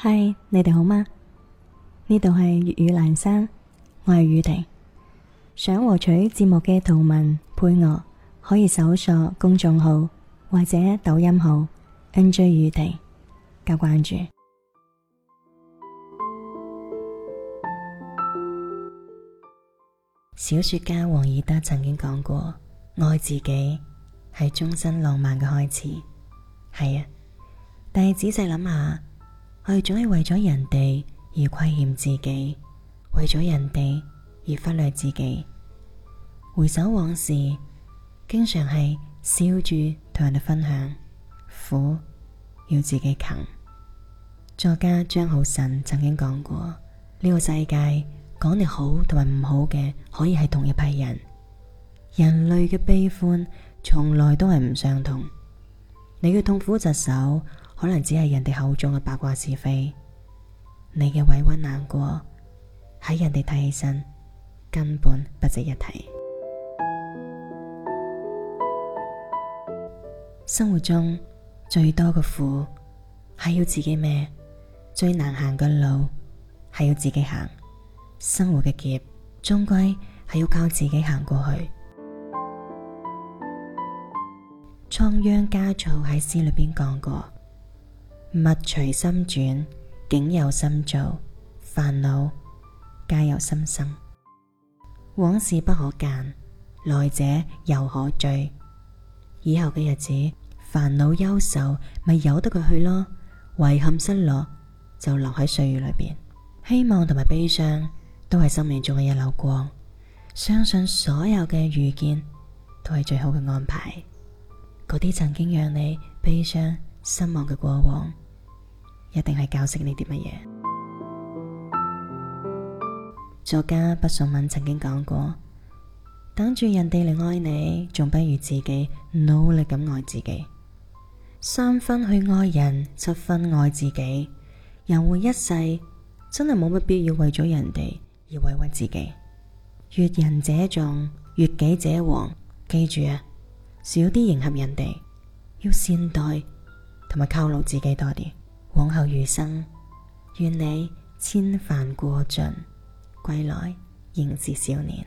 嗨，Hi，你哋好嗎？呢度係粵語蘭山，我係宇婷。想獲取節目嘅圖文配樂，可以搜索公眾號或者抖音號 NJ 宇婷加關注。小說家王爾德曾經講過：愛自己係終身浪漫嘅開始。係啊，但係仔細諗下。我哋總係為咗人哋而虧欠自己，為咗人哋而忽略自己。回首往事，經常係笑住同人哋分享苦，要自己扛。作家張皓宸曾經講過：呢個世界講你好同埋唔好嘅，可以係同一批人。人類嘅悲歡從來都係唔相同。你嘅痛心疾首。」可能只係人哋口中嘅八卦是非，你嘅委屈難過喺人哋睇起身，根本不值一提。 生活中最多嘅苦係要自己孭，最難行嘅路係要自己行，生活嘅劫終歸係要靠自己行過去。倉央嘉措喺詩裏邊講過。物隨心轉，境由心造，煩惱皆由心生。往事不可諫，來者猶可追。以後嘅日子，煩惱憂愁咪由得佢去咯。遺憾失落就留喺歲月裏邊。希望同埋悲傷都係生命中嘅一縷光。相信所有嘅遇見都係最好嘅安排。嗰啲曾經讓你悲傷，失望嘅過往一定係教識你啲乜嘢？作家畢淑敏曾經講過：等住人哋嚟愛你，仲不如自己努力咁愛自己。三分去愛人，七分愛自己。人活一世，真係冇乜必要為咗人哋而委屈自己。悅人者眾，悅己者王。記住啊，少啲迎合人哋，要善待，同埋犒勞自己多啲，往後餘生，願你千帆過盡，歸來仍是少年。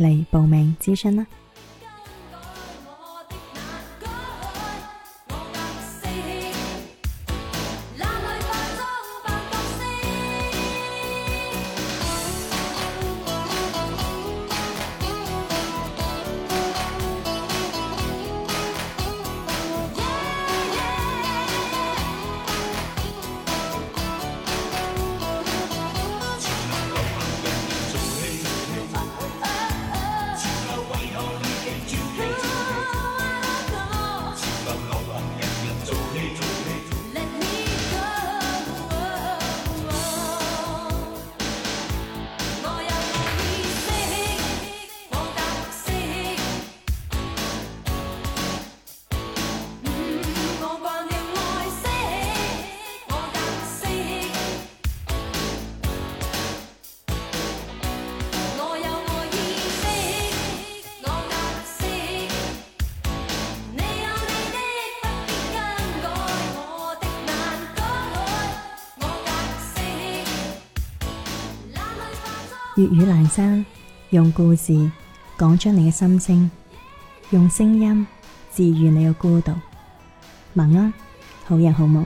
嚟報名諮詢啦！粵語闌珊，用故事講出你嘅心聲，用聲音治愈你嘅孤獨。晚安，好人好夢。